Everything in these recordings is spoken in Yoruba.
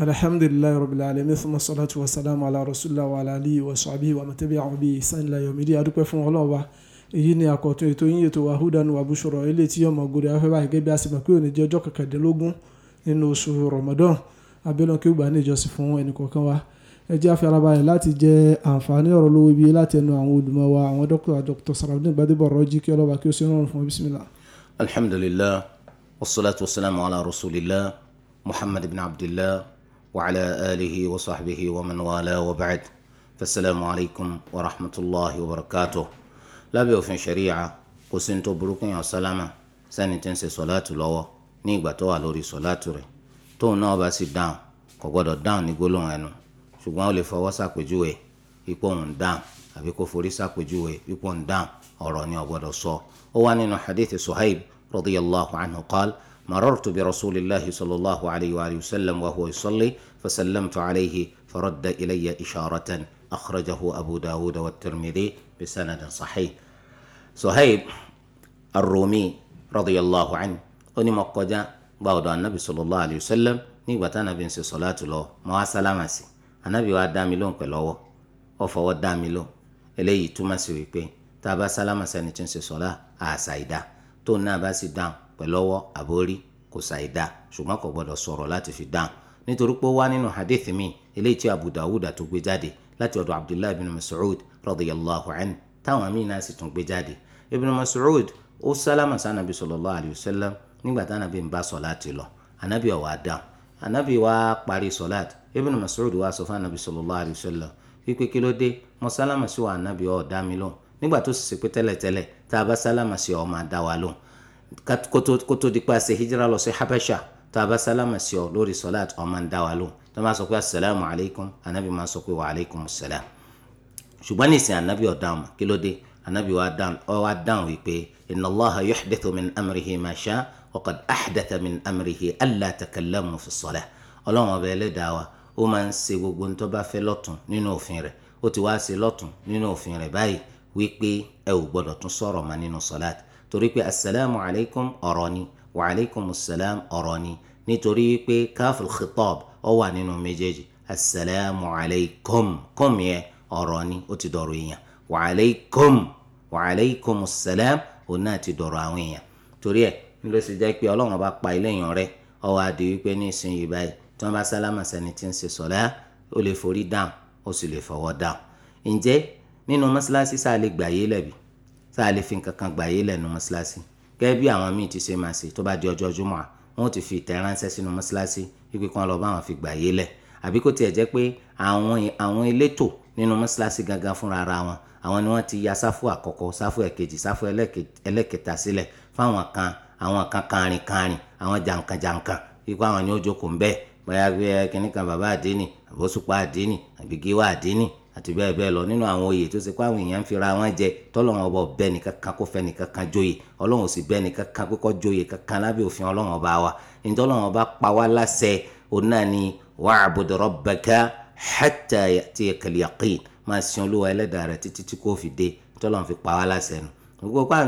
alhamdulilayi rabbil alamin fún masalatu wa salamu ala rasulillah wa ala alihi wa sahbihi wa matabi ahobi sanila yomidi adúpẹ́ fún ọlọ́run wa èyí ni àkọ́tún ètò yín ètò wahudan wa bushra ilé tí yọmọ gòdè afẹ́fẹ́ báyìí gẹ́gẹ́ bí a sì mọ̀ pé òní jẹ́ ọjọ́ kọkàndínlógún nínú oṣù ramadan abẹ́lẹ̀ kí ó gbà ní ìjọsìn fún ẹnìkọ̀ọ̀kan wa ẹ jẹ́ afẹ́rabalẹ̀ láti jẹ àǹfààní ọ̀rọ̀ lówó ibi láti ẹnu àwọn olùmọ̀ wa àwọn dókítà dr sarabdin gbadebo rọjí kí ọlọ́ba kí ó ṣe rọrùn fún bisimilah. alhamdulilah wasalaatu wasalaamu ala rasulillah muhammad ibn abdillah وعلى آله وصحبه ومن والاه وبعد فالسلام عليكم ورحمة الله وبركاته لا بيوفن شريعة قسنت بروكن يا سلامة سنة تنسي صلاة لوا نيبا توا لوري صلاة ري tó náà bá sì dáhùn kò gbọ́dọ̀ dáhùn ní gbólóhùn ẹnu ṣùgbọ́n ó lè fọwọ́ sàpèjúwe ipò òun dáhùn àbí kó forí sàpèjúwe ipò òun dáhùn ọ̀rọ̀ ni ó gbọ́dọ̀ sọ ó wá nínú hadith Suhaib radiyallahu anhu qala مررت برسول الله صلى الله عليه وآله وسلم وهو يصلي فسلمت عليه فرد إلي إشارة أخرجه أبو داود والترمذي بسند صحيح صهيب الرومي رضي الله عنه أني مقجا بعد النبي صلى الله عليه وسلم nígbà táwọn bí ń ṣe sọláàtù lọ mọ wá sálámà sí anábì wa dá mi lóhùn pẹ̀lú ọwọ́ ọ fọwọ́ dá mi lóhùn eléyìí túmọ̀ sí wípé tá pẹ̀lú ọwọ́ àbórí kò ṣàì dá ṣùgbọ́n kò gbọ́dọ̀ sọ̀rọ̀ láti fi dáhùn nítorí pé ó wá nínú hadith mi eléyìí tí Abu Dawud tó gbé jáde láti ọ̀dọ̀ Abdullahi ibn Mas'ud radiyallahu anhu táwọn míì náà sì tún gbé jáde ibn Mas'ud ó sálámà sànàbí sallallahu alayhi wa sallam nígbà tánàbí ń bá sọ̀láàtì lọ ànábì ó wá dáhùn ànábì wá parí sọ̀láàtì ibn Mas'ud wá sọ fún ànábì sallallahu alayhi wa sallam wípé kí ló dé mo sálámà sí wa ànábì ó dá mi lóhùn nígbà tó sì ṣe pé tẹ́lẹ̀tẹ́lẹ̀ tá a bá sálámà sí ọ máa dá wa lóhùn kótó dípa ṣe hijira lọ sí habasha tá a bá sálámà sí ọ lórí sọláàtì ọmọ ń dá wa lóhùn tó máa sọ pé asalaamu alaykum anabi máa sọ pé wa alaykum salaam ṣùgbọ́n nísìnyí anabi ọ̀ dáhùn kí ló dé anabi wa dáhùn ọ wa dáhùn wípé inna allaha yuhdithu min amrihi ma sha wa min amrihi alla takallamu fi salah ọlọ́run ọba ẹlẹ́dàá wa ó máa ń ṣe gbogbo ń bá fẹ́ lọ́tún nínú òfin rẹ̀ ó ti wá ṣe lọ́tún nínú òfin rẹ̀ báyìí wípé ẹ ò gbọ́dọ̀ tún sọ̀rọ̀ mọ́ nínú sọ́láàtì torí pé asalaamu alaykum ọ̀rọ̀ ni wa alaykum asalaam ọ̀rọ̀ ni nítorí pé káfù khitab ó wà nínú méjèèjì asalaamu alaykum kum yẹn ọ̀rọ̀ ni ó ti dọ̀rọ̀ èèyàn wa alaykum wa alaykum asalaam òun náà ti dọ̀rọ̀ àwọn èèyàn torí ẹ̀ ló sì jẹ́ pé ọlọ́run bá pa ilé èèyàn rẹ ó wá di wípé ní ìsinyìí báyìí tí wọ́n bá sálámà sẹ́ni tí ń ṣe sọ̀lá ó lè forí dáhùn ó sì lè fọwọ́ dáhùn ǹjẹ́ nínú mọ́ṣáláṣí sáà lè gbà yé lẹ́bi tá a lè fi nǹkan kan gbà yé lẹ́nu mọ́ṣáláṣí gẹ́gẹ́ bí àwọn míì ti ṣe máa ṣe tó bá di ọjọ́ júmọ́ à wọ́n ti fi ìtẹ́ ránṣẹ́ sínú mọ́ṣáláṣí wípé kí wọ́n lọ bá wọn fi gbà yé lẹ̀ àbí kó tiẹ̀ jẹ́ pé àwọn àwọn elétò nínú mọ́ṣáláṣí gangan fúnra ara wọn àwọn ni wọ́n ti ya sáfù àkọ́kọ́ sáfù ẹ̀kejì sáfù ẹlẹ́kẹta sílẹ̀ fáwọn kan àwọn kan kanrin kanrin àwọn jàǹkàn jàǹkàn wípé àwọn ni ó jókòó ń bẹ́ẹ̀ bóyá kìnnìkan bàbá àdínì àbóṣùpá àdínì àbí gíwá àdínì àti bẹ́ẹ̀ bẹ́ẹ̀ lọ nínú àwọn oyè tó ṣe pé àwọn èèyàn ń fira wọn jẹ tọ́lọ́wọ́n ọba ọbẹ̀ nìkan kan kó fẹ́ nìkan kan joyè ọlọ́run sì bẹ́ẹ̀ nìkan kan pé kó joyè kankan lábẹ́ òfin ọlọ́run ọba wa ní tọ́lọ́run ọba pa wá láṣẹ òun náà ni wa'budu rabbaka hatta ya'tiyakal yaqin máa sin olúwa ẹlẹ́dàá rẹ títí tí kò fi dé tọ́lọ́run fi pa wá láṣẹ nu gbogbo pa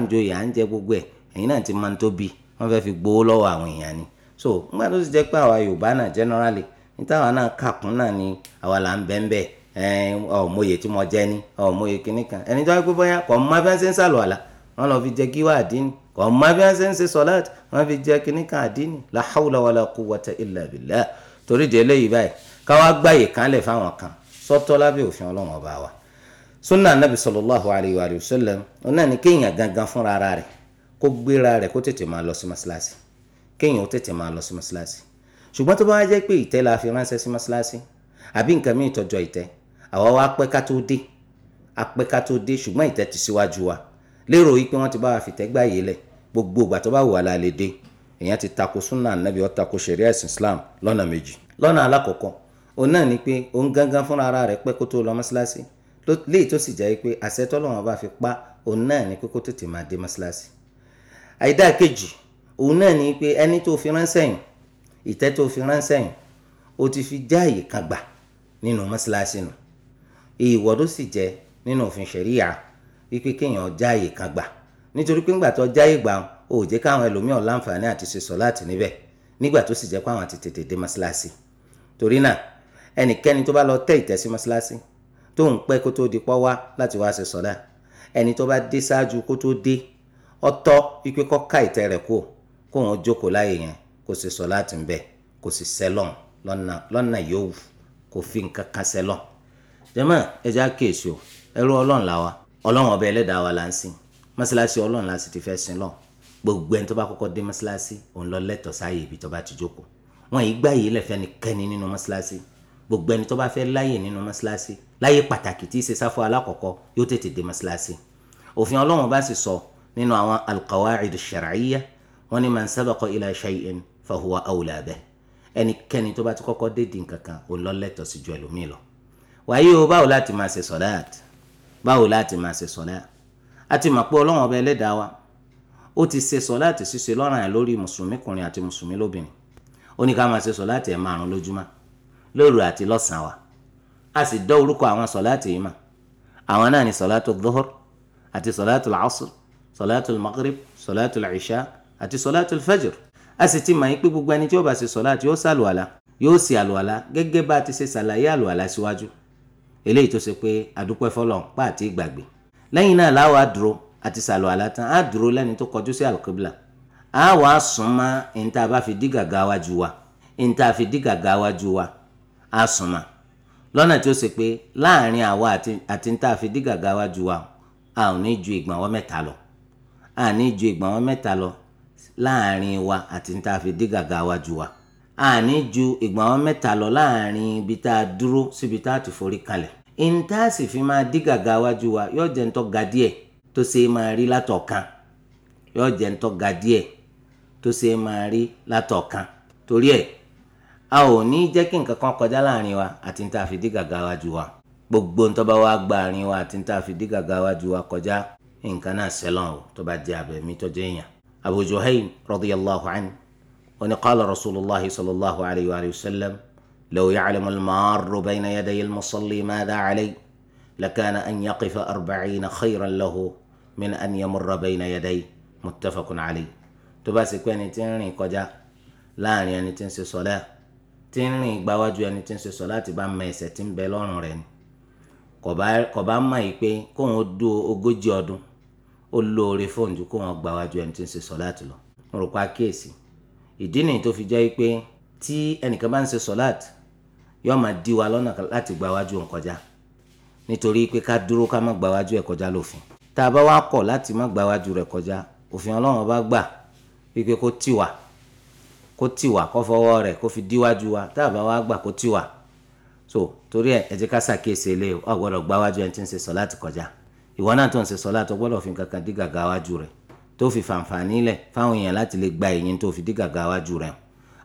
à so nígbà tó ti jẹ́ generally ní táwa náà kàkún náà ni àwa là ọ̀mọye tí mo jẹ ní ọ̀mọye kìíní kan ẹni tó wá pé bóyá kò má bí wọ́n ṣe ń sàlù àlà wọ́n lọ fi jẹ kí wá àdínì kò má bí wọ́n ṣe ń ṣe sọ́láàtì wọ́n fi jẹ kìíní kan àdínì la hawla wala quwwata illa billah torí di eléyìí báyìí káwá gbàyè kánlẹ̀ fáwọn kan sọ́tọ́ lábẹ́ òfin ọlọ́wọ́n bá wa sunna anabi sallallahu alayhi wa sallam ọ̀nà ni kéèyàn gangan fúnra rẹ̀ kó gbéra rẹ̀ kó tètè máa lọ sí masilasi kéèyàn ó tètè máa lọ sí masilasi ṣùgbọ́n tó bá wá jẹ́ pé ìtẹ́ la fi ránṣẹ́ sí masilasi àbí nǹkan mìíràn tọ́jọ́ ìtẹ́ àwa wá pẹ́ ká tó dé apẹ́ ká tó dé ṣùgbọ́n ìtẹ́tí síwájú wa lérò yìí pé wọ́n ti bá wa fi tẹ́gbà yé lẹ̀ gbogbo ìgbà tó bá wù wá dé èèyàn ti tako sunna anabi ó tako sharia ẹ̀sìn islam lọ́nà méjì lọ́nà alákọ̀ọ́kọ́ òun náà ni pé òun gangan fúnra ara rẹ̀ pẹ́ kó tó lọ mọ́ṣáláṣí léyìí tó sì jẹ́ pé àṣẹ tọ́lọ́wọ́n bá fi pa òun náà ni pé kó tètè máa dé mọ́ṣáláṣí àìdá òun náà ni pé ẹni tó fi ránṣẹ́ yìí ìtẹ́ tó fi ránṣẹ́ yìí ó ti fi jáàyè kan gbà nínú mọ́ṣáláṣí nù èèwọ̀ ló sì jẹ́ nínú òfin ṣẹ̀ríyà wípé kéèyàn jáàyè kan gbà nítorí pé ńgbà tó jáàyè gbà ó jẹ́ káwọn ẹlòmíràn láǹfààní àti ṣe sọ̀láàtì níbẹ̀ nígbà tó sì jẹ́ pé àwọn ti tètè dé mọ́ṣáláṣí torí náà ẹnikẹ́ni tó bá lọ tẹ́ ìtẹ́ sí mọ́ṣáláṣí tó ń pẹ́ kó tó di pọ́ wá láti wá ṣe sọ̀lá ẹni tó bá dé ṣáájú kó tó dé ọtọ́ wípé kó ká ìtẹ́ rẹ̀ kó kó jókòó láàyè yẹn kó ṣe sọ̀láàtì ń bẹ̀ kó sì sẹ́lọ̀n lọ́nà yòówù kó fi nǹkan kan sẹ́lọ̀n jẹ́mọ́ ẹ̀já kéèsì o ẹrú ọlọ́run la wa ọlọ́run ọba ẹlẹ́dàá wa la ń sìn mọ́ṣáláṣí ọlọ́run la sì ti fẹ́ sin lọ gbogbo ẹni tó bá kọ́kọ́ dé mọ́ṣáláṣí òun lọ lẹ́tọ̀ọ́ sáàyè ibi tó bá ti jókòó wọn yìí gbáyé lẹ́fẹ́ ni kẹ́ni nínú mọ́ṣáláṣí gbogbo ẹni tó bá fẹ́ láyè nínú mọ́ṣáláṣí láyè pàtàkì tí í ṣe sáfọ́ yóò tètè dé mọ́ṣáláṣí òfin ọlọ́run bá sì sọ nínú àwọn alqawaid ash tó bá ti kọ́kọ́ dé di nǹkan òun lọ lẹ́tọ̀ọ́ sí ju ẹlòmíì lọ wàyí o báwo láti máa ṣe sọ̀láàt báwo láti máa ṣe sọ̀láàt àti mọ̀ pé ọlọ́wọ́n ọba ẹlẹ́dàá wa ó ti ṣe sọ̀láàt ṣíṣe lọ́ràn yẹn lórí mùsùlùmí kùnrin àti mùsùlùmí lóbìnrin ó ní ká máa ṣe sọ̀láàt ẹ̀ márùn lójúmọ́ lóru àti lọ́sàn-án wa a sì dọ́ orúkọ àwọn sọ̀láàt yìí mà àwọn náà ni sọ̀láàtù dhuhr àti sọ̀láàtù asr sọ̀láàtù maghrib sọ̀láàtù isha àti sọ̀láàtù fajr a sì ti mọ̀ yín pé gbogbo ẹni tí ó bá ṣe sọ̀láàt yóò ṣàlùwàlà yóò ṣe àlùwàlà gẹ́gẹ́ bá a ti ṣe ṣàlàyé àlùwàlà síwájú eléyìí tó ṣe pé àdúpẹ́ fọlọ́n pa àti ìgbàgbé lẹ́yìn náà láwa dúró àti sàlọ̀ àlátán á dúró lẹ́ni tó kọjú sí àlùkíbùlà á wà á sùn mọ́ níta bá fi dí gàgà wájú wa níta fi dí gàgà wájú wa á sùn mọ́ lọ́nà tí ó ṣe pé láàrin àwa àti níta fi dí gàgà wájú wa a ò ní ju ìgbọ̀nwọ́ mẹ́ta lọ a ní ju ìgbọ̀nwọ́ mẹ́ta lọ láàrin wa àti níta fi dí gàgà wájú wa àní ju ìgbà wọn mẹ́ta lọ láàrin ibi tá a dúró síbi tá a ti forí kalẹ̀ ìntàsì fi máa dí gàgà wájú wa yóò jẹ́ ntọ́ ga díẹ̀ tó ṣe é máa rí látọ̀kan yóò jẹ́ ntọ́ ga díẹ̀ tó ṣe é máa rí látọ̀kan torí ẹ̀ a ò ní jẹ́ kí nǹkan kan kọjá láàrin wa àti ntà fi dí gàgà wájú wa gbogbo ntọ́ bá wá gba àárín wa àti ntà fi dí gàgà wájú wa kọjá nǹkan náà sẹ́lọ̀n o tó bá jẹ́ abẹ̀mí tó èèyàn Abu Juhaym radiyallahu anhu wọn qala rasulillah sallallahu alayhi wa sallam law ya'lamu al-marru bayna yaday al-musalli madha alayhi lakana an yaqifa arba'ina khayran lahu min an yamurra bayna yaday muttafaqun alayhi tó bá ṣe pé ẹni tí ń rìn kọjá láàrin ẹni tí ń ṣe sọlá tí ń rìn gbáwájú ẹni tí ń ṣe sọlá ti bá mọ ẹ̀ṣẹ̀ tí ń bẹ lọ́rùn rẹ̀ ni kò bá mọ̀ yìí pé kóun dú ogójì ọdún ó lóore fóun ju kóun gbáwájú ẹni tí ń ṣe sọlá ti lọ mo rò pa kíyèsí ìdí nìyí tó fi jẹ́ pé tí ẹnìkan bá ń ṣe sọ́láàt yóò máa dí wa lọ́nà láti gba wájú òun kọjá nítorí pé ká dúró ká má gba wájú ẹ̀ kọjá lófin tá a bá wá kọ̀ láti má gba wájú rẹ̀ kọjá òfin ọlọ́run bá gbà wípé kó tì wá kó tì wá kó fọwọ́ rẹ̀ kó fi díwájú wa tá a bá wá gbà kó tì wá so torí ẹ ẹ jẹ́ ká ṣàkíyèsí ilé o ọ gbọ́dọ̀ gbáwájú ẹni tí ń ṣe sọ́láàt kọjá ìwọ náà tó ń ṣe sọ́láàt ọ fi kankan dí gàgà wájú rẹ̀ tó fi fàǹfààní lẹ̀ fáwọn èèyàn láti lè gba ẹ̀yìn tó fi dí gàgà wájú rẹ̀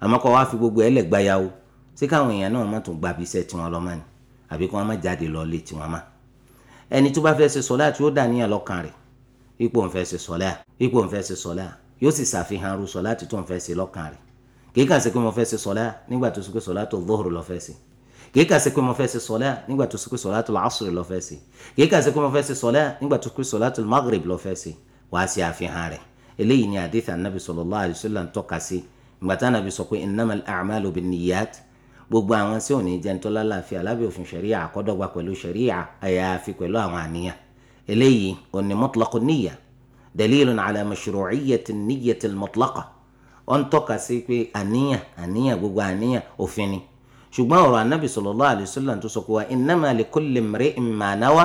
àmọ́ kọ́ wá fi gbogbo ẹ̀ lẹ̀ gbáyàwó ṣé káwọn èèyàn náà má tún gba ibi iṣẹ́ tiwọn lọ́mọ ni àbí kí wọ́n má jáde lọ lé tiwọn má. ẹni tó bá fẹ́ ṣe sọ́lá tí ó dà níyàn lọ́kàn rẹ̀ ipò ń fẹ́ ṣe sọ́lá ipò ń fẹ́ ṣe sọ́lá yóò sì ṣàfihàn ru sọ́lá tí tó ń fẹ́ ṣe lọ́kàn rẹ̀ kì kàn ṣe pé mo fẹ́ ṣe sọ́lá nígbà tó ṣe pé sọ́lá tó lóhùrù lọ́ fẹ́ ṣe kì í sí pé mo fẹ́ ṣe sọ́lá nígbà tó ṣe pé sọ́lá tó lásìrì lọ́ fẹ́ ṣe kì í sí pé mo fẹ́ ṣe sọ́lá nígbà tó ṣe pé sọ́lá tó magrib lọ́ fẹ́ ṣe wàá ṣe àfihàn rẹ̀ eléyìí ni àdìsí anabi sallallahu alayhi wa sallam ń tọ́ka sí ìgbàtà anabi sọ pé innamal a'malu binniyat gbogbo àwọn tí ò ní jẹ́ ntọ́lá láàfin alábẹ́ òfin ṣẹ̀ríà àkọ́dọ́gba pẹ̀lú ṣẹ̀ríà àyàfi pẹ̀lú àwọn àníyàn eléyìí ò ní mutlaqu niyya dalilun ala mashru'iyyati niyyati al-mutlaqa ó ń tọ́ka sí pé àníyàn àníyàn gbogbo àníyàn òfin ni ṣùgbọ́n ọ̀rọ̀ anabi sallallahu alayhi wa tó sọ pé wa innama likulli imri'in ma nawa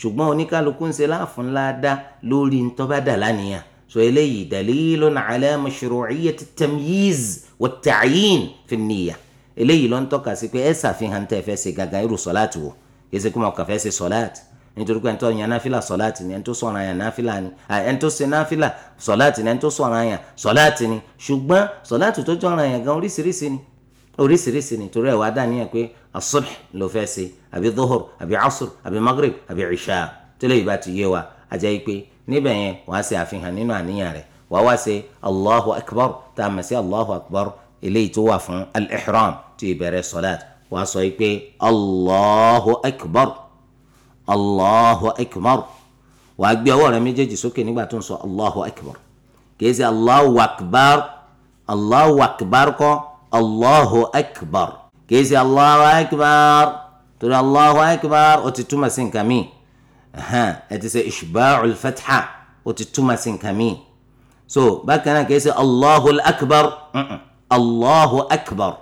ṣùgbọ́n oníkálukú ń ṣe láàfún láàdá lórí ntọ́bádà lánìyàn so eléyìí dalilun ala mashru'iyyati at-tamyiz wat-ta'yin fi an-niyya eléyìí ló ń tọ́ka sí pé ẹ ṣàfihàn tẹ́ fẹ́ ṣe gangan irú sọ́láàtì wò kì í ṣe kó máa kàn fẹ́ ṣe sọ́láàtì nítorí pé ẹ̀ńtọ́ yan náfìlà sọ́láàtì ni ẹ̀ńtọ́ sọ̀rọ̀ àyàn náfìlà ni ẹ̀ńtọ́ ṣe náfìlà sọ́láàtì ni ẹ̀ńtọ́ sọ̀rọ̀ àyàn sọ́láàtì ni ṣùgbọ́n sọ́láàtì tó jọ̀rọ̀ àyàn gan oríṣiríṣi ni oríṣiríṣi nítorí ẹ̀ wá dàníyàn pé asubh ló fẹ́ ṣe àbí dhuhur àbí asr àbí maghrib àbí isha tẹ́lẹ̀ yìí bá ti yé wa ajá yìí pé níbẹ̀ yẹn wàá ṣe àfihàn nínú àníyàn rẹ̀ wàá wá ṣe allahu akbar tá a mọ̀ sí allahu akbar eléyìí tó wà fún al-ihram tó ìbẹ̀rẹ̀ sọ́láàt wàá sọ yìí pé allahu akbar allahu akbar wàá gbé ọwọ́ rẹ méjèèjì sókè nígbà tó ń sọ allahu akbar kì í ṣe allahu akbar allahu akbar kọ́ allahu akbar kìí ṣe allahu akbar torí allahu akbar ó ti túmọ̀ sí nǹkan mi ẹ ti ṣe ishba'ul fatha ó ti túmọ̀ sí nǹkan mi so bákan náà kìí ṣe allahu akbar allahu akbar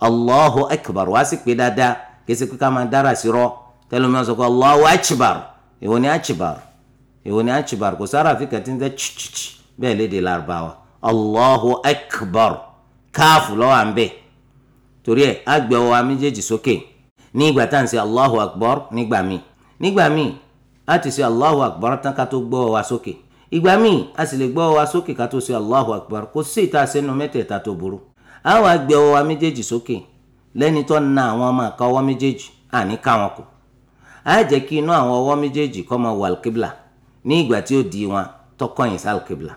allahu akbar wá sí pé dáadáa kìí ṣe pé ká máa dára sí rọ allahu akbar èwo akbar èwo akbar kò sára àfikà tí ń tẹ chichichi bẹ́ẹ̀ léde allahu akbar káàfù ló wà ń bẹ̀ torí ẹ̀ á gbé ọwọ́ wa méjèèjì sókè ní ìgbà tá à ń ṣe allahu akbar nígbà míì nígbà míì á ti ṣe allahu akbar tán ká tó gbé ọwọ́ wa sókè ìgbà míì a sì lè gbé ọwọ́ wa sókè ká tó ṣe allahu akbar kò sí ìta sẹ́nu mẹ́tẹ̀ẹ̀ta tó burú á wàá ọwọ́ wa sókè lẹ́ni tó na àwọn ọmọ àka ọwọ́ méjèèjì àní ká wọn kù á jẹ́ kí inú àwọn ọwọ́ méjèèjì kó máa wà ní ìgbà tí ó di wọn tó kọ̀yìn sí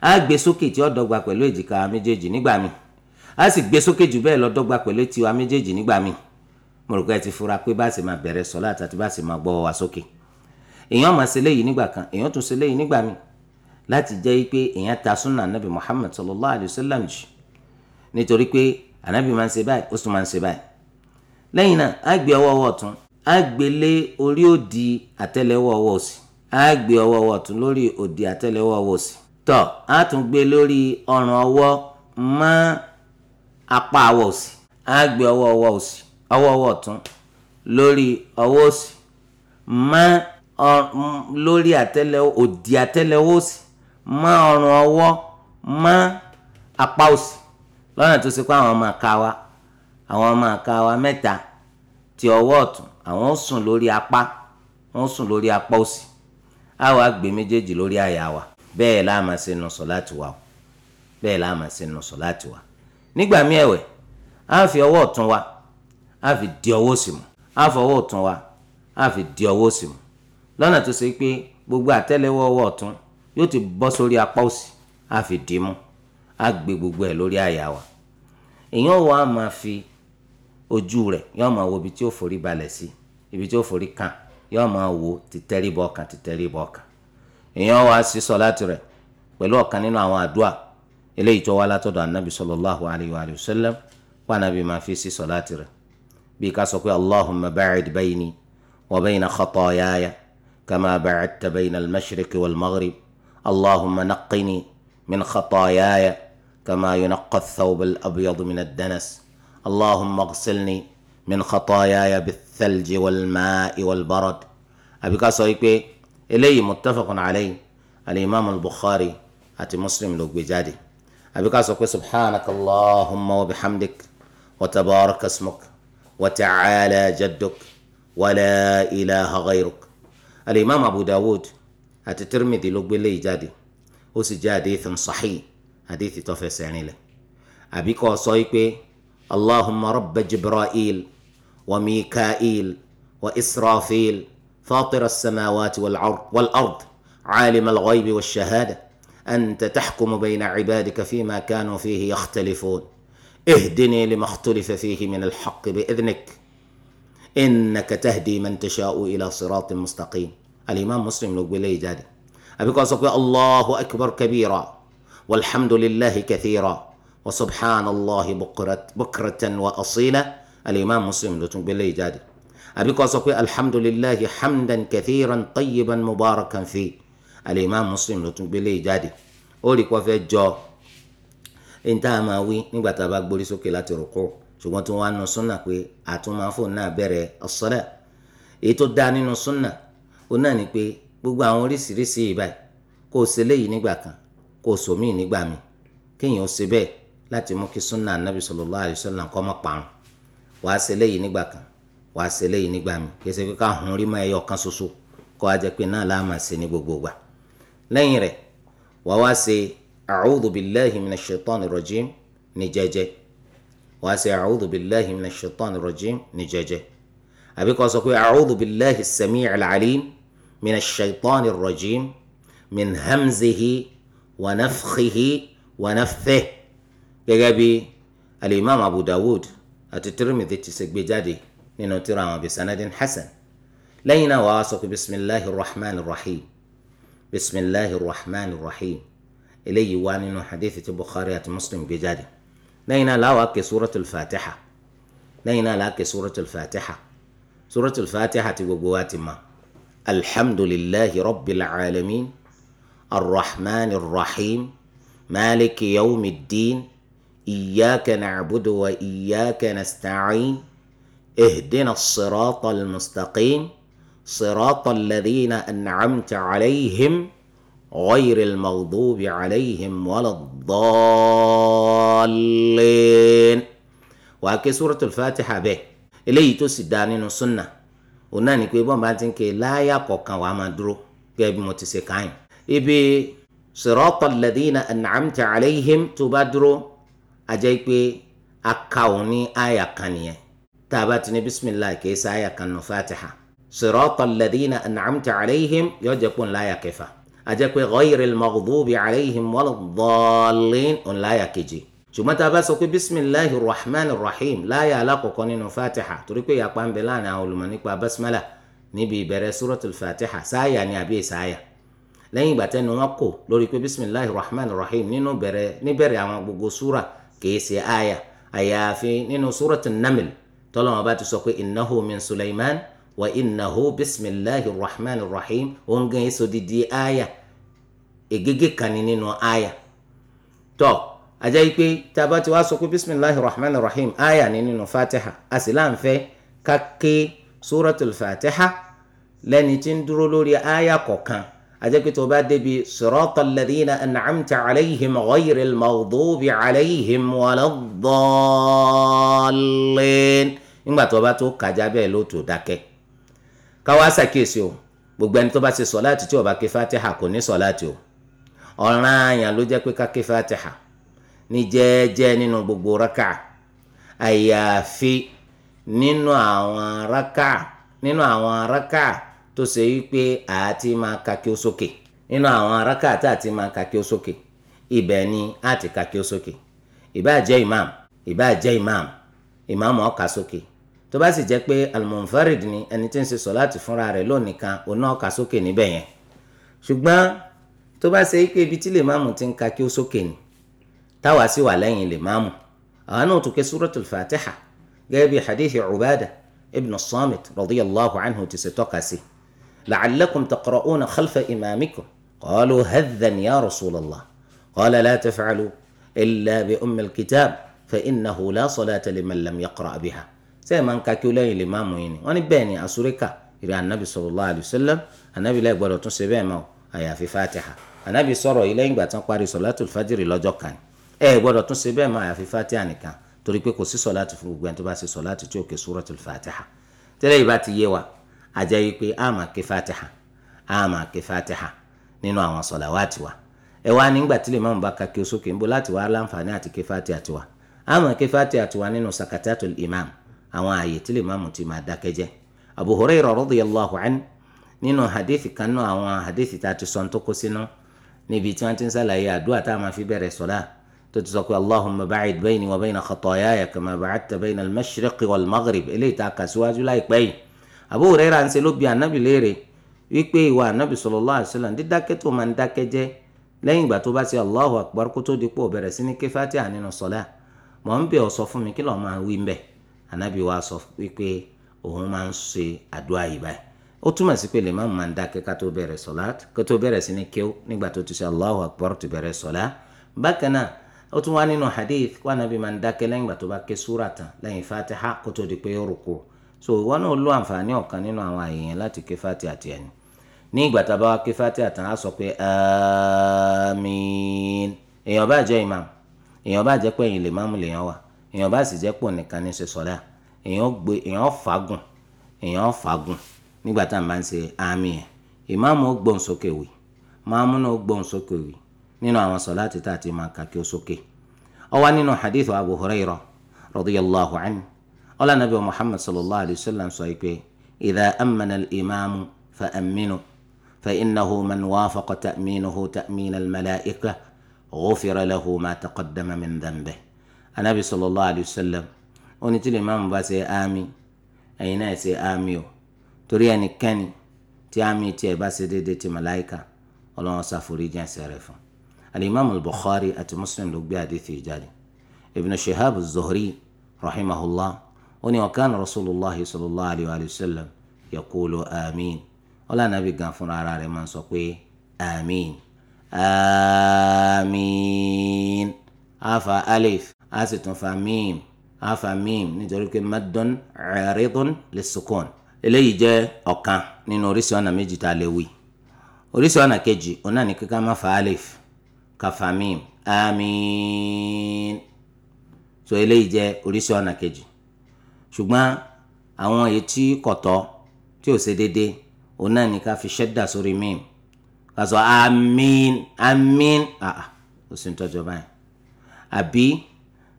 a gbé sókè tí ó dọ́gba pẹ̀lú èjìká méjèèjì nígbà míì á sì gbé sókè jù bẹ́ẹ̀ lọ dọ́gba pẹ̀lú etí méjèèjì ti fura pé bá a sì máa bẹ̀rẹ̀ sọ́lá àti bá a sì máa gbọ́ wa sókè èèyàn máa ṣe léyìí nígbà kan èèyàn tún ṣe léyìí nígbà míì láti jẹ́ pé èèyàn ta súnà anabi Muhammad sallallahu alayhi wa sallam jù nítorí pé anabi máa ń ṣe báyìí ó sì máa lẹ́yìn náà a gbé ọwọ́ ọwọ́ ọ̀tún orí òdì tọ́ a tún gbé lórí ọrùn ọwọ́ mọ́ apá ọwọ́ òsì a gbé ọwọ́ ọwọ́ òsì ọwọ́ ọwọ́ ọ̀tún lórí ọwọ́ òsì mọ́ lórí àtẹ́lẹ òdì àtẹ́lẹ ọwọ́ òsì mọ́ ọrùn ọwọ́ mọ́ apá òsì lọ́nà tó ṣe pé àwọn ọmọ àka wa àwọn ọmọ àka wa mẹ́ta ti ọwọ́ ọ̀tún àwọn ó sùn lórí apá wọ́n sùn lórí apá òsì a wá gbé méjèèjì lórí àyà wa bẹ́ẹ̀ láàmà sí nu sọ̀láàtì wa bẹ́ẹ̀ láàmà sí nu sọ̀láàtì wa nígbà míì ẹ̀wẹ̀ á fi ọwọ́ ọ̀tún wa á fi di ọwọ́ òsì mú á fi ọwọ́ ọ̀tún wa á fi di ọwọ́ òsì mú lọ́nà tó ṣe pé gbogbo àtẹ́lẹwọ́ ọwọ́ ọ̀tún yóò ti bọ́ sórí apá òsì á fi dì í mú á gbé gbogbo ẹ̀ lórí àyà wa èèyàn wa máa fi ojú rẹ̀ yóò máa wo ibi tí ó forí balẹ̀ sí ibi tí ó forí kàn yóò máa wo títẹríbọ̀ ọkàn títẹríbọ̀ ọkàn èèyàn wá sí sọláàtì rẹ̀ pẹ̀lú ọ̀kan nínú àwọn àdúà eléyìí tó wá látọ̀dọ̀ anabi sallallahu alayhi wa sallam wà nàbí máa fi sí sọláàtì rẹ̀ bí ká sọ pé allahumma ba'id bayni wa bayna khataayaya kama ba'adta bayna al-mashriqi wal-maghrib allahumma naqqini min khataayaya kama yunaqqa thawb al min ad allahumma ighsilni min khataayaya bi-th-thalji wal sọ yìí pé. إلي متفق عليه الإمام البخاري أتي مسلم لوجيجادي أبيك سبحانك اللهم وبحمدك وتبارك اسمك وتعالى جدك ولا إله غيرك الإمام أبو داود أتي ترمذي لوجيجادي جادي وسجى حديث صحيح حديث توفيس يعني له أبيك اللهم رب جبرائيل وميكائيل وإسرافيل فاطر السماوات والأرض عالم الغيب والشهادة أنت تحكم بين عبادك فيما كانوا فيه يختلفون اهدني لما اختلف فيه من الحق بإذنك إنك تهدي من تشاء إلى صراط مستقيم الإمام مسلم نقول gbélé jáde àbíkọ́ sọ الله أكبر كبيرا والحمد لله كثيرا وسبحان الله بكرة, بكرة وأصيلا الإمام مسلم ló tún gbélé àbí kó sọ pé alhamdulillahi hamdan kathiran tayyiban mubarakan fi al-imam muslim ló tún gbélé jáde ó rí kó fẹ́ jọ ẹni tá a máa wí nígbà tá a bá gbórí sókè láti rúkú ṣùgbọ́n tí wọ́n á nu súnà pé àtúmọ̀ fún náà bẹ̀rẹ̀ as-sala èyí tó dáa nínú súnà ó náà ni pé gbogbo àwọn oríṣiríṣi ìbáyìí kó ṣe léyìí nígbà kan kó o sòmíì nígbà mi kéèyàn ó ṣe bẹ́ẹ̀ láti mú kí súnà anábì sallallahu alaihi wasallam kó wàá ṣe léyìí nígbà kan wàá ṣe léyìí nígbà mi kí ẹ ṣe pé ká hun rí mọ́ ẹyọ kan ṣoṣo kó a jẹ pé náà la máa ṣe ní gbogbo gbà lẹ́yìn rẹ̀ wàá wá ṣe a'udhu billahi minash shaitani rajim ní jẹ́jẹ́ wàá ṣe a'udhu billahi minash shaitani rajim ní jẹ́jẹ́ àbí kó sọ pé a'udhu billahi as-sami'il 'alim minash shaitani hamzihi wa nafthihi gẹ́gẹ́ bí al Abu Dawud àti Tirmidhi ti ṣe gbé jáde. ننوتر بسند حسن لينا واثق بسم الله الرحمن الرحيم بسم الله الرحمن الرحيم إلي وانن حديثة بخارية مسلم بجاد لينا لا واكي سورة الفاتحة لينا لاكي سورة الفاتحة سورة الفاتحة وقوات ما الحمد لله رب العالمين الرحمن الرحيم مالك يوم الدين إياك نعبد وإياك نستعين اهدنا الصراط المستقيم صراط الذين انعمت عليهم غير المغضوب عليهم ولا الضالين وهكي سورة الفاتحة به إلي توسي داني نصنة وناني كي بوان بانتين كي لا يقو كان واما درو كي بموتسي كاين إبي صراط الذين أنعمت عليهم تبادرو أجيكي أكاوني آيا كانيه tá a bá ti ní bisimilahi kì í ṣe àyà kan nù fatiha sirata alladhina an'amta alayhim yóò jẹ́ pé ńlá àyà kẹfà àjẹ́ pé ghayril maghdubi alayhim waladdallin ńlá àyà kejì ṣùgbọ́n tá a bá sọ pé bisimilahi rahman rahim láyà alákọ̀ọ́kọ́ nínú fatiha torí pé yàpá ń bẹ láàrin àwọn olùmọ̀ nípa basimala níbi ìbẹ̀rẹ̀ suratul fatiha sáyà ni àbí ìsáyà lẹ́yìn ìgbà tẹ́nu wọn kò lórí pé bisimilahi rahman rahim nínú bẹ̀rẹ̀ níbẹ̀rẹ̀ àwọn gbogbo súra kìí ṣe àyà àyàfi nínú suratul namil tọ́lọ́wọ́n bá ti sọ pé innahu min Sulaiman wa innahu bisimilahi rahman rahim òun gan èso didi aya ègégé kan ní nínú aya tọ́ ajá yìí pé tába ti wá sọ pé bisimilahi rahman rahim aya ní nínú fatiha a sì láǹfẹ́ káké suratul fatiha lẹ́ni tí ń dúró lórí aya kọ̀ọ̀kan ajá pé tó bá débi siratal ladhina an'amta alayhim ghayril maghdubi alayhim walad-dallin nígbà tó bá tó kájá bẹ́ẹ̀ ló tó dákẹ́ káwá ṣàkíyèsí o gbogbo ẹni tó bá ṣe sọláàtì tí ó bá ké fatiha kò ní sọláàtì o ọ̀ràn àyàn ló jẹ́ pé ká ké fatiha ní jẹ́ẹ́jẹ́ nínú gbogbo rákà àyàfi nínú àwọn rákà nínú àwọn rákà tó ṣe wípé àti máa ka kí ó sókè nínú àwọn rákà tá àti máa ka kí ó sókè ibẹ̀ ni àti ka kí ó sókè ìbá jẹ́ imam ìbá jẹ́ imam imam ó ka sókè. tó bá sì jẹ́ pé almunfarid ni ẹni tí ń ṣe sọ̀láàtì fúnra rẹ̀ lónìí kan òun náà kà sókè níbẹ̀ yẹn ṣùgbọ́n tó bá ṣe pé ibi tí lè máàmù ti n se solaati funra re lonii kan o naa ka kí ó sókè ni táwa sì wà lẹ́yìn lè máàmù àwọn náà tó ké suratul fatiha gẹ́gẹ́ bí hadithi ubada ibn samit radiyallahu anhu ti ṣe tọ́ka sí la'allakum taqra'una khalfa imamikum qalu hadhan ya rasulallah qala la taf'alu illa bi ummil kitab fa innahu la salata liman sẹ́yìn máa ń ka kí ó lẹ́yìn lè máàmù yìí ni wọ́n ní bẹ́ẹ̀ ni àsúríkà ìrẹ́ ànábì sallallahu alaihi wasallam ànábì lẹ́yìn gbọ́dọ̀ tún ṣe bẹ́ẹ̀ mọ́ àyàfi fatiha ànábì sọ̀rọ̀ yìí lẹ́yìn ìgbà tán parí sọ̀látùl fájìrì lọ́jọ́ kan ẹ gbọ́dọ̀ tún ṣe bẹ́ẹ̀ mọ́ àyàfi fatiha nìkan torí pé kò sí sọ̀látù fún gbogbo ẹni tó bá ṣe sọ̀látù tí ó ké suratul fatiha tẹ́lẹ̀ yìí bá ti yé wa àjẹ́ yìí pé a tí lè àwọn ààyè tí lè má mú ti máa dákẹ́ jẹ́ Abu Hurairah radiyallahu anhu nínú hadith kan náà àwọn hadith tá a ti sọ tó kó sínú níbi tí wọ́n ti ń sàlàyé àdúrà tá a máa fi bẹ̀rẹ̀ sọ́lá tó ti sọ pé allahumma ba'id bayni wa bayna khataayaya kama ba'adta bayna al-mashriqi wal-maghrib eléyìí tá a kà síwájú láìpẹ́ yìí Abu Hurairah ń ṣe ló bi ànábì léèrè wípé ìwà ànábì sallallahu alaihi wasallam dídákẹ́ tó máa ń dákẹ́ anabi wa sọ wípé òun máa ń ṣe àdúrà yìí báyìí ó túmọ̀ sí pé lè má máa ń dákẹ́ ká tó bẹ̀rẹ̀ sọ̀lá ká tó bẹ̀rẹ̀ sí ní kéw nígbà tó ti ṣe Allahu Akbar tó bẹ̀rẹ̀ sọ̀lá bákan náà ó tún wá nínú hadith wà nàbí máa ń dákẹ́ lẹ́yìn ìgbà tó bá ké súrà tán lẹ́yìn fatiha kó tó di pé ó rùkú so ìwọ náà lo àǹfààní ọ̀kan nínú àwọn àyèyàn láti ké fati àti ẹni ní ìgbà tá a bá wá ké fati àtàn á sọ pé àmín èèyàn bá jẹ́ imam èèyàn bá jẹ́ pé ẹ̀yìn lè máàmù lèèyàn wà èèyàn bá sì jẹ́ pò nìkan ní ṣe sọ̀rọ̀ èèyàn gbé èèyàn fagùn èèyàn fagùn nígbà tá à máa ń ṣe àmì yẹn ìmáàmù ó gbóhùn sókè wì máàmù náà ó gbóhùn sókè wì nínú àwọn sọ̀láàtì tá a ti máa kà kí ó sókè ó wà nínú hadith abu hurayra radiyallahu anhu ọlá nabi muhammad sallallahu alayhi wa sallam sọ pé idha amana al-imamu fa aminu fa innahu man wafaqa ta'minuhu ta'min al-mala'ika ghufira lahu ma taqaddama min dhanbihi. anabi sallallahu alayhi wa sallam ó ní tí lè máàmù bá ṣe àmì ẹ̀yin náà ṣe àmì o torí ẹnikẹ́ni tí àmì tiẹ̀ bá ṣe déédéé ti màláìka ọlọ́run ṣàforíjì ẹ̀ṣẹ̀ rẹ̀ fún alimami al-bukhari àti muslim ló gbé àdéhìí jáde ibn shihab az-zuhri rahimahullah ó ní ọ̀kan rasulillah sallallahu alayhi wa sallam yakulu amiin ọlọ́run nàbí gan fúnra ara rẹ̀ máa ń sọ pé amiin amiin afa alif a sì tún fa mím a fa mím nítorí pé madon ẹ̀ẹ́dọ́n lè sukun eléyìí jẹ́ ọ̀kan nínú oríṣi ọ̀nà méjì tá a lè wí oríṣi ọ̀nà kejì ọ̀nà ní kíkà má fa alif ká fa mím amiin so eléyìí jẹ́ oríṣi ọ̀nà kejì ṣùgbọ́n àwọn èyí tí kọ̀tọ́ tí ò ṣe déédéé ọ̀nà ní ká fi ṣẹ́dà sórí mím ká amiin amiin ah kò sí ní tọ́jú báyìí àbí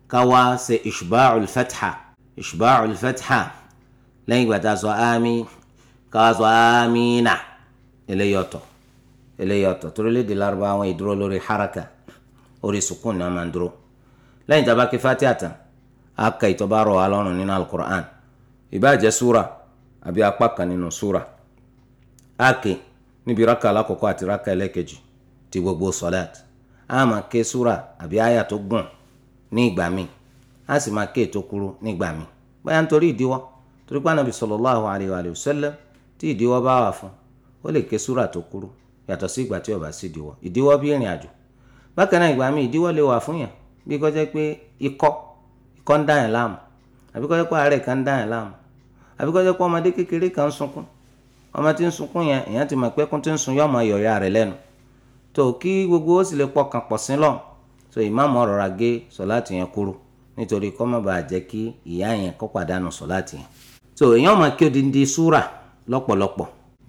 ká wá ṣe ishba'ul fatha ishba'ul fatha lẹ́yìn ìgbà tá a sọ ámì ká wá sọ ámìnà eléyìí ọ̀tọ̀ eléyìí ọ̀tọ̀ torí léde lárúbá àwọn ìdúró lórí haraka orí sukùn ni wọ́n máa ń dúró lẹ́yìn tá a bá ké fatiha tán a ka ìtọ́ba rọ̀ wá lọ́rùn nínú alukur'an ìbáàjẹ́ súra àbí apá kan nínú súra a níbi raka alákọ̀ọ́kọ́ àti raka ẹlẹ́kejì ti gbogbo sọ́láàtì a ké súra àbí àyà tó gùn ní ìgbà a sì máa ké ètò kúrú ní ìgbà míì bóyá nítorí ìdíwọ́ torí pé sallallahu alayhi wa tí ìdíwọ́ bá wà fún ó lè ké súrà tó kúrú yàtọ̀ sí ìgbà tí ó sí ìdíwọ́ ìdíwọ́ bí ìrìn àjò bákan náà ìgbà ìdíwọ́ lè wà fún yàn bí kọjá pé ikọ́ ikọ́ ń dáyàn láàmú àbí kọjá pé àárẹ̀ kan dáyàn láàmú àbí kọjá pé ọmọdé kékeré kan ń sunkún ọmọ tí ń sunkún yẹn èèyàn ti mọ̀ pé kún ń sun rẹ̀ lẹ́nu tó kí gbogbo ó sì lè pọkàn pọ̀ sí lọ́hùn so ìmáàmù ó rọra gé sọ̀láàtì yẹn kúrò nítorí kó má bàa jẹ́ kí ìyá yẹn kó pàdánù sọ̀láàtì yẹn so èyàn máa kí odindi súrà lọ́pọ̀lọpọ̀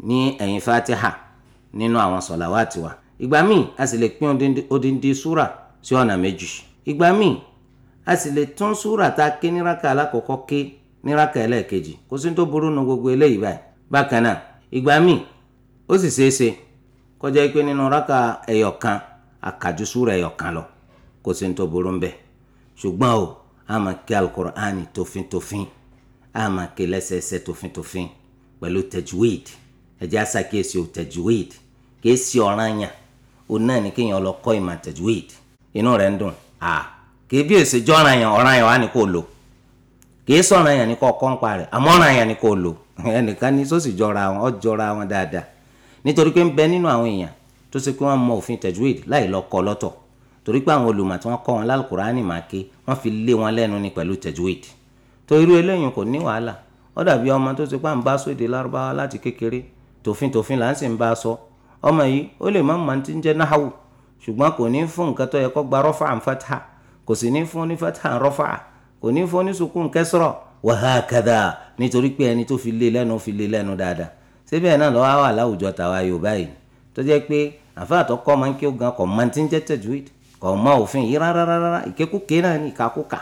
ní ẹ̀yìn fatiha nínú àwọn sọ̀làwà tiwa. ìgbà míì a sì lè pín odindi súrà sí ọ̀nà méjì ìgbà míì a sì lè tún súrà ké níraka alákọ̀ọ́kọ́ ké níraka ẹlẹ́ẹ̀kejì kó sí tó burú nu gbogbo eléyìí báyìí bákan náà ìgbà míì ó sì kò sí ní tó burú ń bẹ̀ ṣùgbọ́n o a máa kí alukur'ani tófin-tófin a máa kí lẹ́sẹẹsẹ tófin-tófin pẹ̀lú tajwid ẹ̀jẹ̀ àṣà kìí ṣe o tajwid kìí ṣe ọ̀ranyàn o náà ní kéèyàn lọ kọ́ ìmọ̀ tajwid inú rẹ̀ ń dùn a kìí bí èsì jọ́ ọ̀ranyàn ọ̀ranyàn wà ní kò lò kìí sọ ọ̀ranyàn ní kò kọ́ ń parẹ̀ àmọ́ ọ̀ranyàn ní kò lò ẹnìkan ní sọ́sì jọra wọn ó jọra wọn dáadáa nítorí pé ń bẹ nínú àwọn èèyàn tó ṣe pé wọ́n mọ òfin tajwid láì lọ kọ́ lọ́tọ̀ torí pé àwọn olùmọ̀ tí wọ́n kọ́ wọn lálùkùránì máa ké wọ́n fi lé wọn lẹ́nu ni pẹ̀lú tajwid tó irú eléyìí kò ní wàhálà ó dàbí ọmọ tó ti pa ń bá sọ èdè lárúbáwá láti kékeré tòfin tòfin là ń sì ń bá a sọ ọmọ yìí ó lè má mọ ti ń jẹ́ náhàwù ṣùgbọ́n kò ní fún nǹkan tó yẹ kó gba rọ́fà ń fatha kò sì ní fún ní fatha ń rọ́fà kò ní fún ní sukun kẹsọ̀rọ̀ wa hakadha nítorí pé ẹni tó fi lé lẹ́nu fi lé lẹ́nu dáadáa síbẹ̀ náà lọ́wọ́ wà láwùjọ tàwa Yorùbá yìí tó jẹ́ pé àfáà tó kọ́ máa ń kí ó gan kọ̀ máa ti ń jẹ́ tajwid ọmọ òfin yìí rárá rárá ìkékùké náà ní ìkakúkà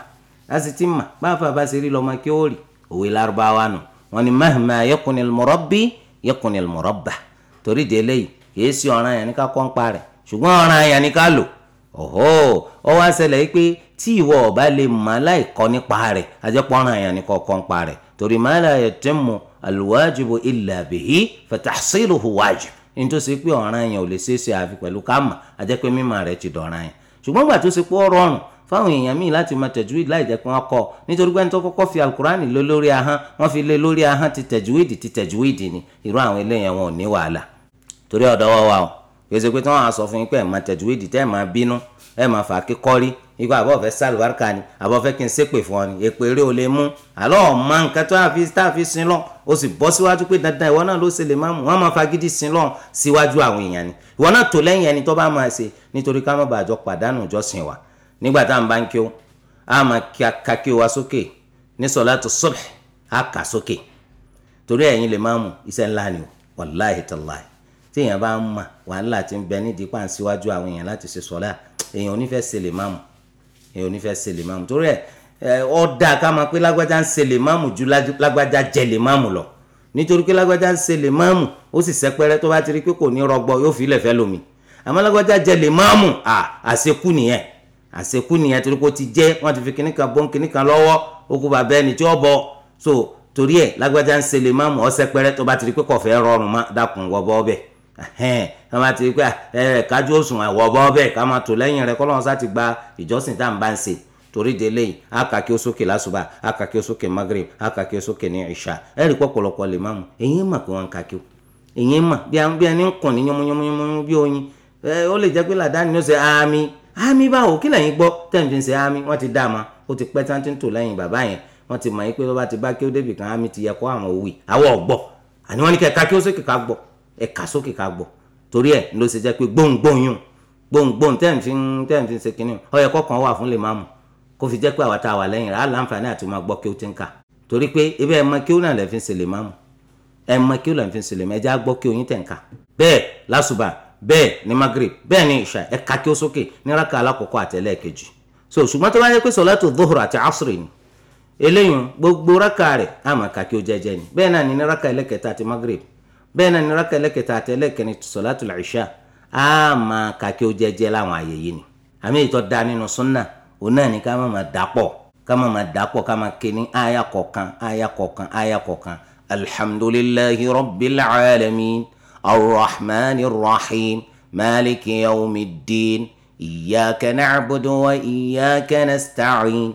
láti ti mà báfà bá ṣe rí lọ́mọ kí ó rì òwe lárúbáwá nù wọn ni mahma yẹkùn ilmọ̀rọ́bí yẹkùn ilmọ̀rọ́bà torí délé yìí kìí sí ọ̀ràn yẹn ní ká kọ́ ń parẹ̀ ṣùgbọ́n ọ̀ràn yẹn ní ká lò ọ̀hó ọ wá ṣẹlẹ̀ yìí pé tí ìwọ ọba lè mọ aláìkọ́ nípa rẹ̀ ajẹ́pọ̀ ọ̀ràn yẹn ní kọ́ torí ma la ṣùgbọ́n gbà tó ṣe pé ó rọrùn fáwọn èèyàn míì láti máa tajwid láì jẹ́ pé wọ́n kọ́ nítorí pé ẹni tó kọ́kọ́ fi alukurani lé lórí ahọ́n wọ́n fi lé lórí ahọ́n ti tajwid ti tajwid ni irú àwọn eléyàn wọn ò ní wàhálà torí ọ̀dọ́ wa wa o gbèsè pé tí wọ́n á sọ fún yín pé ẹ̀ máa tajwid tẹ́ ẹ̀ máa bínú ẹ̀ máa fà kíkọ́rí ikú àbọ̀ fẹ́ ni àbọ̀ kí n ṣépè fún ọ ni èpè rí o lè mú àlọ́ ọ̀ma nǹkan tó àfi tá a fi sin lọ o sì bọ́ síwájú pé dandan ìwọ náà ló ṣe lè má mú wọn máa fagídí sin lọ síwájú àwọn èèyàn ni ìwọ náà tó lẹ́yìn ẹni tó bá máa ṣe nítorí ká má bàjọ́ pàdánù ìjọsìn wa nígbà tá à ń bá ń kí o a máa ka kí o wa sókè ní sọ̀látù subh á kà sókè torí ẹ̀yin lè máa mú iṣẹ́ ńlá ni o wàláhì tàláhì tí èèyàn bá ń mà wàhálà ti ń bẹ nídìí pa síwájú àwọn èèyàn láti ṣe sọ̀lá èèyàn onífẹ́ ṣe lè máa mú èèyàn onífẹ́ ṣe lè máa mú torí ẹ̀ ọ̀ dáa ká máa pé lágbájá ń ṣe lè máa mú ju lágbájá jẹ lè máa mú lọ nítorí pé lágbájá ń ṣe lè máàmù ó sì sẹpẹrẹ tó bá ti rí pé kò ní rọgbọ yóò fi ilẹ̀ fẹ́ lomi àmọ́ lágbájá jẹ lè máàmù à àṣekú nìyẹn àṣekú nìyẹn torí pé ó ti jẹ́ wọ́n ti fi kíní kan bọ́n kíní kan lọ́wọ́ ó kú bàbá ẹni tí ó bọ̀ so torí ẹ̀ lágbájá ń ṣe lè máàmù ó sẹpẹrẹ tó bá ti rí pé kò fẹ́ rọrùn má dákun wọ bọ́ bẹ́ẹ̀ ẹhẹn wọn bá ti rí pé ẹ kájú òsùn àwọ̀ bọ́ bẹ́ẹ̀ ká máa tò lẹ́yìn rẹ kọ́ torí de eléyìí a kà kí ó sókè lásùbà a kà kí ó sókè magrib a kà kí ó sókè ní ìṣà ẹ rí pọ̀pọ̀lọpọ̀ lè má mu èyí mà pé wọ́n ń kà kí ó èyí mà bí a ní kàn ní yánmúyánmúyánmú bí oyin ó lè jẹ́ pé làdáni ó ṣe àmì àmì báwo kí lẹ́yìn gbọ́ tẹ̀yìn fi ń ṣe àmì wọ́n ti dá a ma ó ti pẹ́ tán tí ń tò lẹ́yìn bàbá yẹn wọ́n ti mọ̀ yín pé bá ti bá kí ó débì kan àmì kó fi jẹ́ pé àwa tá a wà lẹ́yìn rẹ̀ á láǹfààní àti máa gbọ́ kí ó ti ń kà torí pé ibẹ̀ ẹ̀ mọ kí ó náà lẹ́ fi ń ṣe lè máàmù ẹ̀ mọ kí ó náà fi ń ṣe lè máàmù ẹ̀ já gbọ́ kí oyin tẹ̀ ń kà bẹ́ẹ̀ lásùbà bẹ́ẹ̀ ní magrib bẹ́ẹ̀ ní ìṣà ẹ̀ ka kí ó sókè ní raka alákọ̀ọ́kọ́ àtẹ̀lẹ́ kejì so ṣùgbọ́n tó bá yẹ pé sọ̀látù dhuhur àti asri ni eléyìí gbogbo raka rẹ̀ á máa kí ó jẹ́jẹ́ ni bẹ́ẹ̀ náà ní ní ẹlẹ́kẹta àti magrib bẹ́ẹ̀ náà ní raka ẹlẹ́kẹta àti ẹlẹ́kẹrin sọ̀látù ìṣà á máa kí ó jẹ́jẹ́ láwọn àyè yìí ni àmì ìtọ́ da nínú sunnah òun náà ní ká má máa dàpọ̀ ká má ma dàpọ̀ ká ma ké àyà kọ̀kan àyà kọ̀kan àyà kọ̀kan alhamdulillahi rabbil alamin arrahman arrahim maliki yawmiddin iyyaka na'budu wa iyyaka nasta'in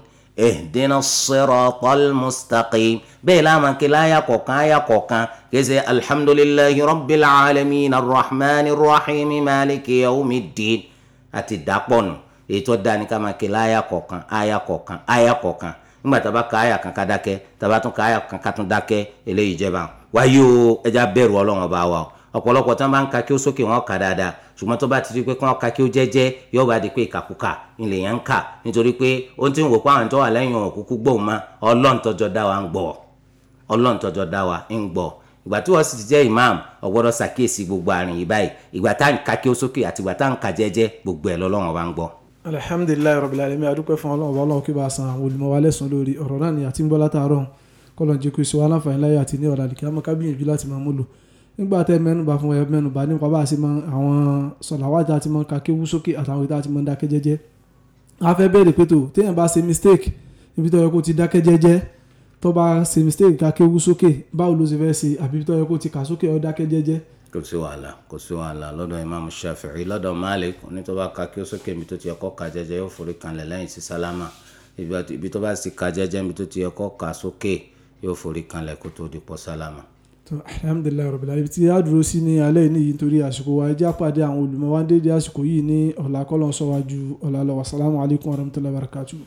ehdina siratal mustaqim bẹ́ẹ̀ la máa ké láyà kọ̀ọ̀kan àyà kọ̀ọ̀kan kese alhamdulillahi rabbil alamin arrahman arrahim maliki yawmiddin àti dàpọ̀ nù. No ètò dáa ká máa kele aya kọ̀ọ̀kan aya kọ̀ọ̀kan aya kọ̀ọ̀kan nígbà tá a bá ka aya kan ká dákẹ́ tá a bá tún ka aya kan ká tún dákẹ́ eléyìí jẹba wáyé o ẹja bẹ̀rù ọlọ́run ọba wa ọ̀pọ̀lọpọ̀ tí wọ́n bá ń ka kí ó sókè di pé kí wọ́n ka kí ó jẹ́jẹ́ yóò tí wọ́n sì ti jẹ́ imam ọ̀gbọ́dọ̀ ṣàkíyèsí gbogbo àrùn yìí báyìí ìgbà tá à ń alhamdulilayi rabil alamin adúpẹ́ fún Ọlọ́run ọba Ọlọ́run kí bá san àwọn olùmọ̀ wa lẹ́san lórí ọ̀rọ̀ náà ni àti ń gbọ́ látàárọ̀ kọlọn jẹ kó ìṣòwò aláǹfààní láyé àti ní ọ̀rọ̀ àdìkí àmọ́ kábíyèjú láti máa múlò nígbà tẹ mẹ́nubà fún ẹ mẹ́nubà nípa bá a ṣe máa àwọn sọ̀làwájà ti máa ka kéwú sókè àtàwọn ìta ti máa dákẹ́ jẹ́jẹ́ a fẹ́ bẹ̀rẹ̀ pé tó dákẹ́ jẹ́jẹ́ tó bá ṣe kò sí wàhálà kò sí wàhálà lọ́dọ̀ imam shafi'i lọ́dọ̀ malik ní tó bá ka kí ó sókè mi tó ti ẹ̀kọ́ ka jẹ́jẹ́ yóò forí kanlẹ̀ lẹ́yìn sí sálámà ibi tó bá sì ka jẹ́jẹ́ mi tó ti ẹ̀kọ́ ka sókè yóò forí kanlẹ̀ kó tó di pọ̀ sálámà. alhamdulilayi rabil alayi tí a dúró sí ní alẹ́ yìí nìyí nítorí àsìkò wa ẹjẹ́ àpàdé àwọn olùmọ̀ wa ń dédé àsìkò yìí ní ọ̀làkọ́lọ́sọ̀wájú ọ̀làlọ́wà